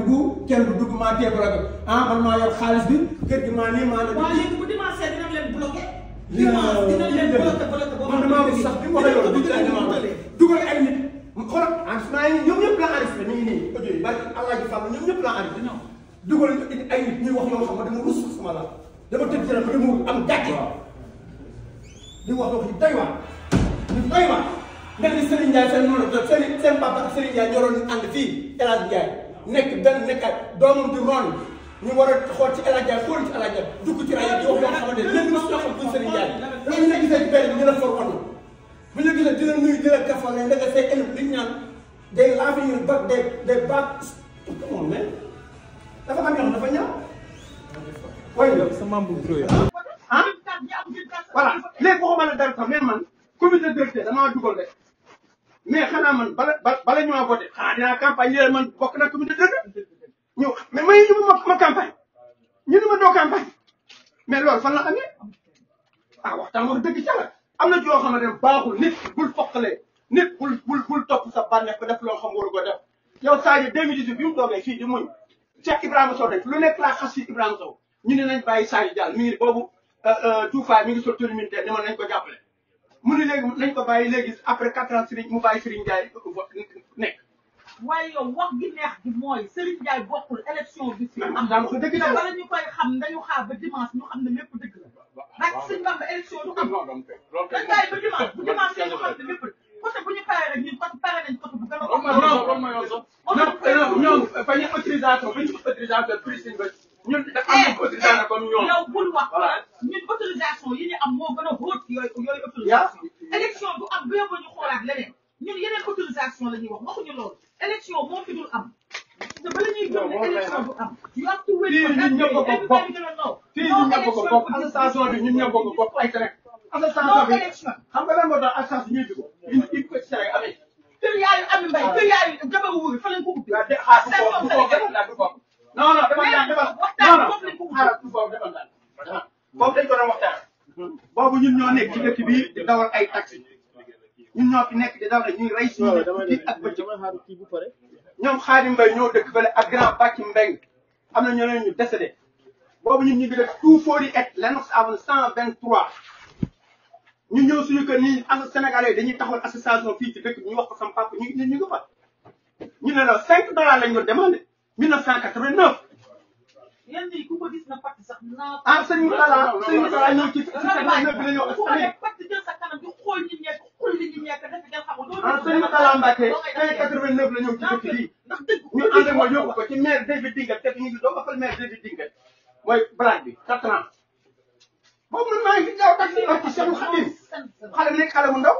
dugg kenn du dugg maa teeku ragal ah man maa yor xaalis bi kër gi maa nii maa la. waaw léegi bu dimanche dina leen bloqué. dimanche dina leen bloqué bloqué boo xam ne sax bi mu waxee loolu dugal ay nit xoolal enregistrement yi ñoom ñëpp la enregistré ñu ngi nii audio yi bari allah ji fàmm ñoom ñëpp la enregistré dugal ay nit ñuy wax yoo xam ne dama rus sama la dama tëb ci rek mu am gàcce di wax wax ñu doy waar ñu doy waar nga ni Serigne Ndiaye seen noonu seen seen papa ak Serigne Ndiaye ñoroon ànd fii El Hadj Ndiaye nekk benn nekkaat doomam di noonu ñu war a xool ci El Hadj Diagne xool ci El Hadj Diagne dugg ci rajo di wax loo xamante ne léegi mosu waxoon buñ Serigne Ndiaye loolu ñu la gisee ci benn bi ñu la for woon bu ñu gisee dina nuyu dina kafa ne ndaka say dafa ñaaw waaye ah? léegi boo ko a dara sax mais man comité directeur damaa dugal rek mais xanaa man bala bala ñu ma voté ah campagne lii man bokk naa commune de Dóor ñu mais may ñu ma ma campagne ñu ne ma doo campagne mais loolu fan la amee ah waxtaan wax dëgg ca la am na joo xam ne baaxul nit bul foqalee nit bul bul bul topp sa bànneex ko def loo xam waru ko def yow Sadio 2018 bi mu doogee fii di muñ Cheikh Ibrahima Sow rek lu nekk laa xas si Ibrahima Sow ñu ne nañ bàyyi Sadio Diallo mi ngi boobu Toufa euh, euh, mi ngi sol tenue militaire ni ma nañ ko jàppale mu ne léegi nañ ko bàyyi léegi après quatre ans Serigne mu nekk waaye yow wax gi neex gi mooy Serigne Ndiaye bokkul élection bi fi am daal ko koy xam dañu xaar ba dimanche ñu xam ne lépp dëgg la ndax suñ bamba élection du am dañ bàyyi ba dimanche bu dimanche ñu xam ne lépp côté bu ñu paree rek ñun côté pare nañ côté bu gën a ñoom ñoom fañu autorisation ñëpp a ko bokk fii ñun ñëpp a ko bokk association bi ñun ñëpp a ko bokk ay traite. association bi xam nga lan moo tax association ñuy dugg indi indi ko ci Sénégal amee. kër yaayu Ami Mbaye kër yaayu Jabaru Wuri fa lañ ko ubbi. waaw de xaar du foofu du foofu defal naa du foofu. non non defal naa defal non non xaaral du foofu defal naa boobu dañ ko doon waxtaan. boobu ñun ñoo nekk ci dëkk bii di dawal ay taxi ñun ñoo fi nekk di dawal ñuy rey suñu dëkk ak bëccëg ñoom Xaadim Mbaye ñoo dëkk fële ak grand bàcc Mbengue am na ñoo leen ñu décédé boobu ñun ñu ngi def two forty eight Lenox Avenue cent vingt trois ñu ñëw suñu kër ñi as sénégalais dañuy taxawal association fii ci dëkk bi ñu wax ko sama papa ñu ñu ngi ne la cinq dollars lañ doon demandé mille neuf cent quatre vingt neuf yéen ñii ku ko gis na pàcc sax naa. ah sëñ Moutala sëñ Moutala ñëw ci ci seen nawet te la ñu ñi nekk xool li ci dëkk ko ci David Dingat mooy blague bi quatre ans boobu man maa ngi fi gaaw tax barki Seexul Xadim xale nekk xale bu ndaw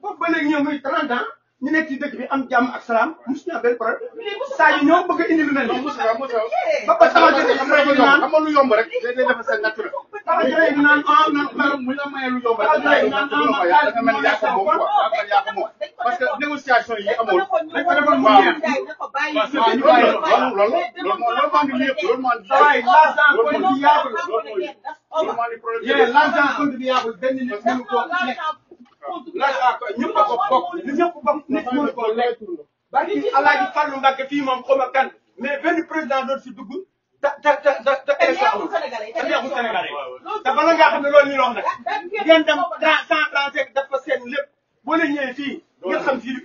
boobu ba léegi ñoom muy 30 ans ñu nekk ci dëkk bi am jàmm ak salaam mosu ñu am benn problème saa yu ñoo bëgg a indi lu mel nii. ba ba sama jotee xam nga lu yomb rek day def sa naturel. sama jotee naan ah naan ah mu la maye lu yomb rek. naan ah ma daal di mel yaa ko moom quoi yaa ko moom parce que négociation yi amul. waaw bàyyi. waaw ñu bàyyi loolu loolu loolu moo loolu moo indi lépp loolu moo indi. waaye l'argent contribuable loolu moo indi problème. yéen l'argent contribuable benn nit mënu ko lekk. l'argent ñëpp a ko bokk ñëpp bokk nit mënu ko lekk. ba ci Alaaji Fallou Mbacke fii moom xaw ma kan mais benn président doon si dugg. te te te te te élection sénégalais te neexul sénégalais te bala ngaa xam ne loolu ñu wax nag ngeen dem cent trente def ko seen lépp boo leen ñëwee fii ngeen xam fii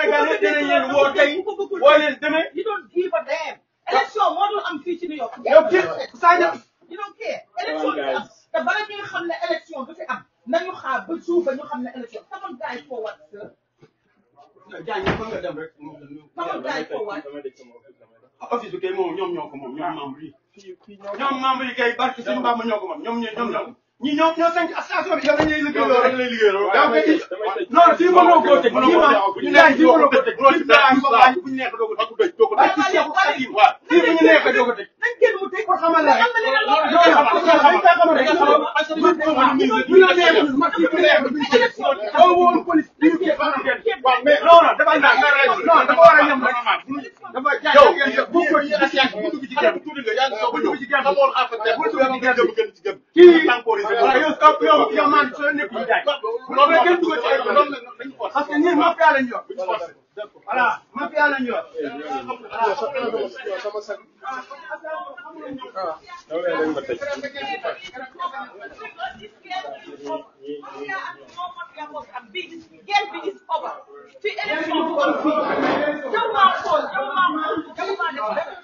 Sénégal yëpp dinañ leen woo tey woo leen demee. you don't give a damn. élection moo dul am fii ci New York. yow kii Sadio. you don't care. élection bi am te bala ñuy xam ne élection du fi am nañu xaar ba suuf ba ñu xam ne élection come on guys forward sir. jaajëf fan nga dem rek. come on guys forward. office bi kay moom ñoom ñoo ko moom ñoom ah. membre yi. ñoom membre yi kay barki suñu Bamba ñoo ko moom ñoom ñoo ñoom ñoo ko. ñi ñoom ñoo tënk station bi yow dañ lay liggéeyaloo rek lay liggéeyaloo. waaw waaw non fii mënoo koo teg. mënoo koo teg waaw fii mënoo koo teg waaw fii mënoo koo teg waaw fii mënoo koo teg waaw fii mënoo koo teg. pour xamal la rek. loolu loolu xam nga more happen there. Which one get them get them. He I use up your your man so ne could die. No we can do it. Parce que ni mafia la ñor. Voilà, mafia la ñor. Sama sama Ah, da ngay dem ba tey. Gel bi is over. Fi élection bu am fi. Dama ko, dama ko, dama ko.